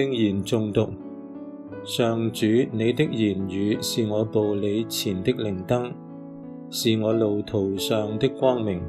經言誦讀，上主你的言語是我步履前的靈燈，是我路途上的光明。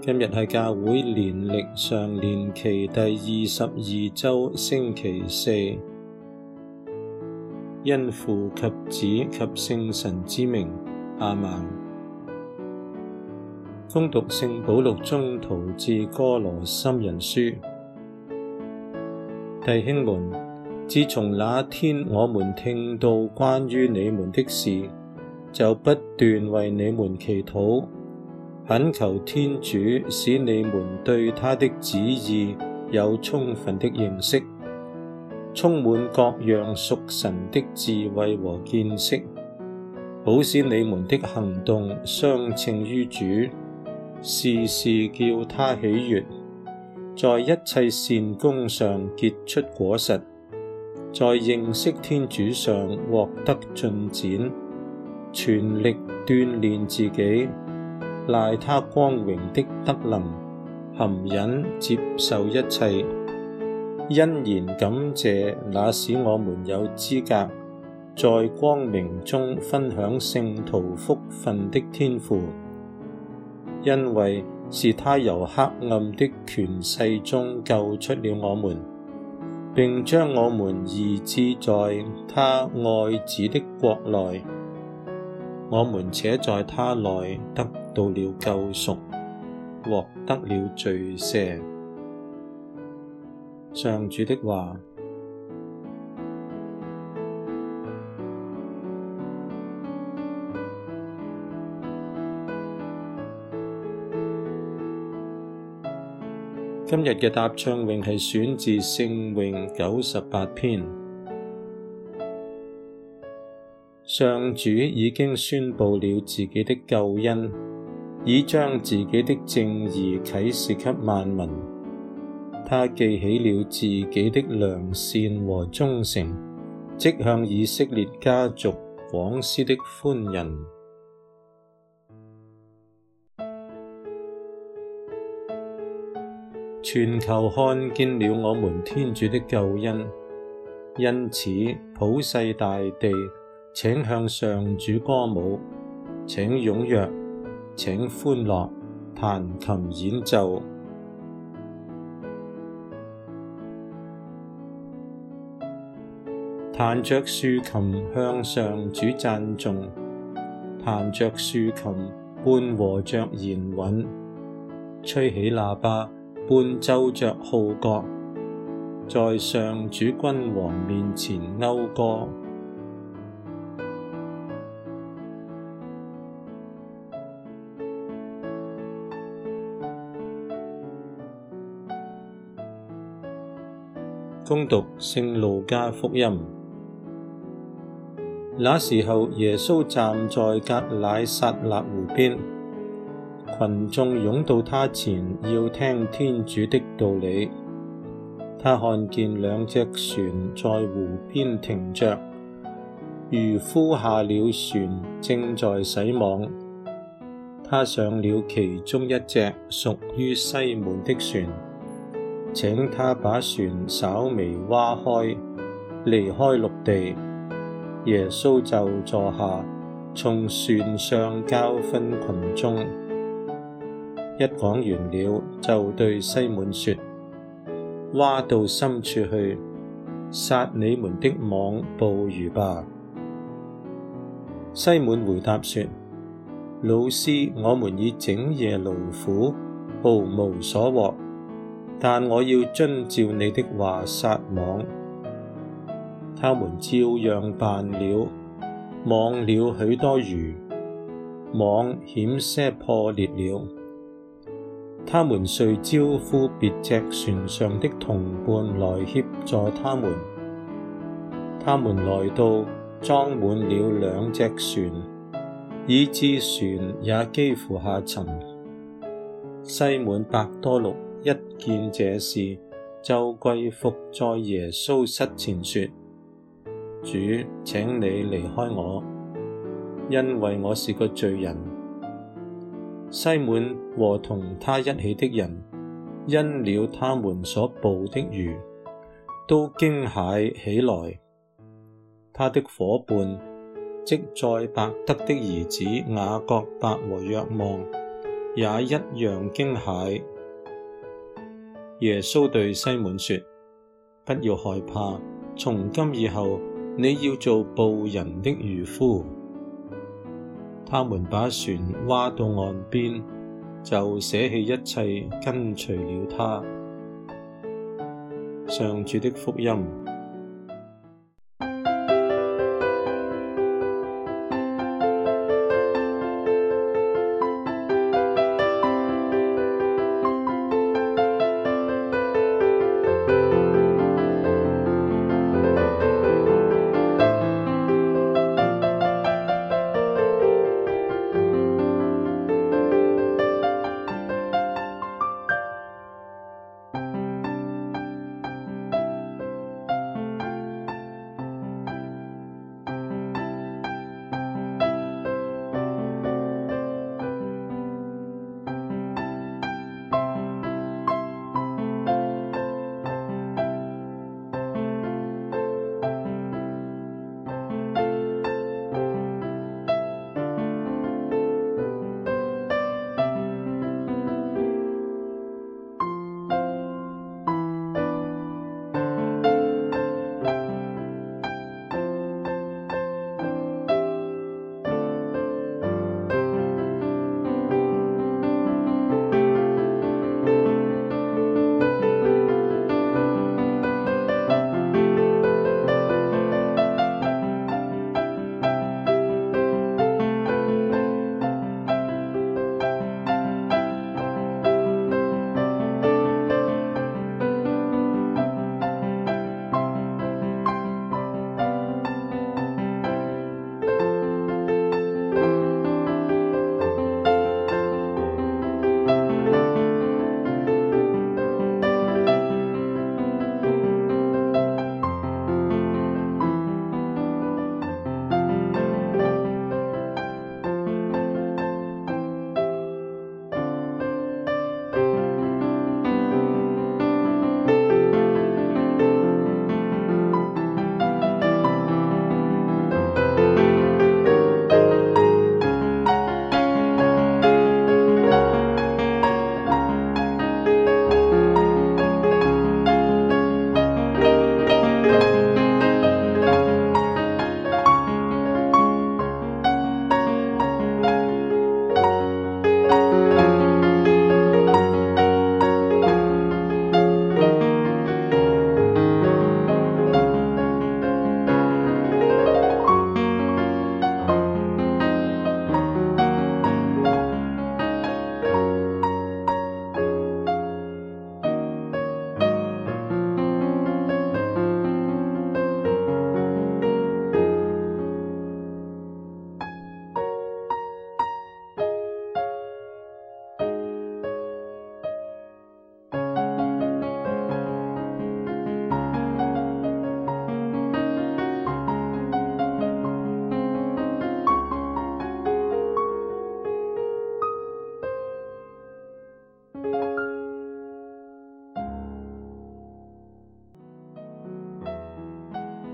今日係教會年曆常年期第二十二周星期四，因父及子及聖神之名，阿門。恭讀聖保祿宗徒致哥羅森人書。弟兄們，自從那天我們聽到關於你們的事，就不斷為你們祈禱，懇求天主使你們對他的旨意有充分的認識，充滿各樣屬神的智慧和見識，好使你們的行動相稱於主，事事叫他喜悅。在一切善功上結出果實，在認識天主上獲得進展，全力鍛鍊自己，賴他光榮的德能，含忍接受一切，欣然感謝那使我們有資格在光明中分享聖徒福分的天父，因為，是他由黑暗的權勢中救出了我們，並將我們移置在他愛子的國內。我們且在他內得到了救贖，獲得了罪赦。上主的話。今日嘅答唱詠係選自聖詠九十八篇。上主已經宣佈了自己的救恩，已將自己的正義啟示給萬民。他記起了自己的良善和忠誠，即向以色列家族廣施的寬仁。全球看見了我們天主的救恩，因此，普世大地請向上主歌舞，請踴躍，請歡樂，彈琴演奏，彈着豎琴向上主讚頌，彈着豎琴伴和着弦韻，吹起喇叭。伴奏着號角，在上主君王面前謳歌。恭讀聖路加福音。那時候，耶穌站在革乃撒勒湖邊。群眾擁到他前，要聽天主的道理。他看見兩隻船在湖邊停着，漁夫下了船，正在洗網。他上了其中一隻，屬於西滿的船，請他把船稍微划開，離開陸地。耶穌就坐下，從船上教訓群眾。一講完了，就對西滿說：划到深處去，撒你們的網捕魚吧。西滿回答說：老師，我們已整夜勞苦，毫無所獲，但我要遵照你的話撒網。他們照樣辦了，網了許多魚，網險些破裂了。他們遂招呼別隻船上的同伴來協助他們。他們來到，裝滿了兩隻船，以致船也幾乎下沉。西滿伯多祿一見這事，就跪伏在耶穌膝前說：主，請你離開我，因為我是個罪人。西滿和同他一起的人，因了他們所捕的魚，都驚駭起來。他的夥伴，即載伯德的兒子雅各伯和若望，也一樣驚駭。耶穌對西滿說：不要害怕，從今以後，你要做捕人的漁夫。他們把船划到岸邊，就捨棄一切跟隨了他。上主的福音。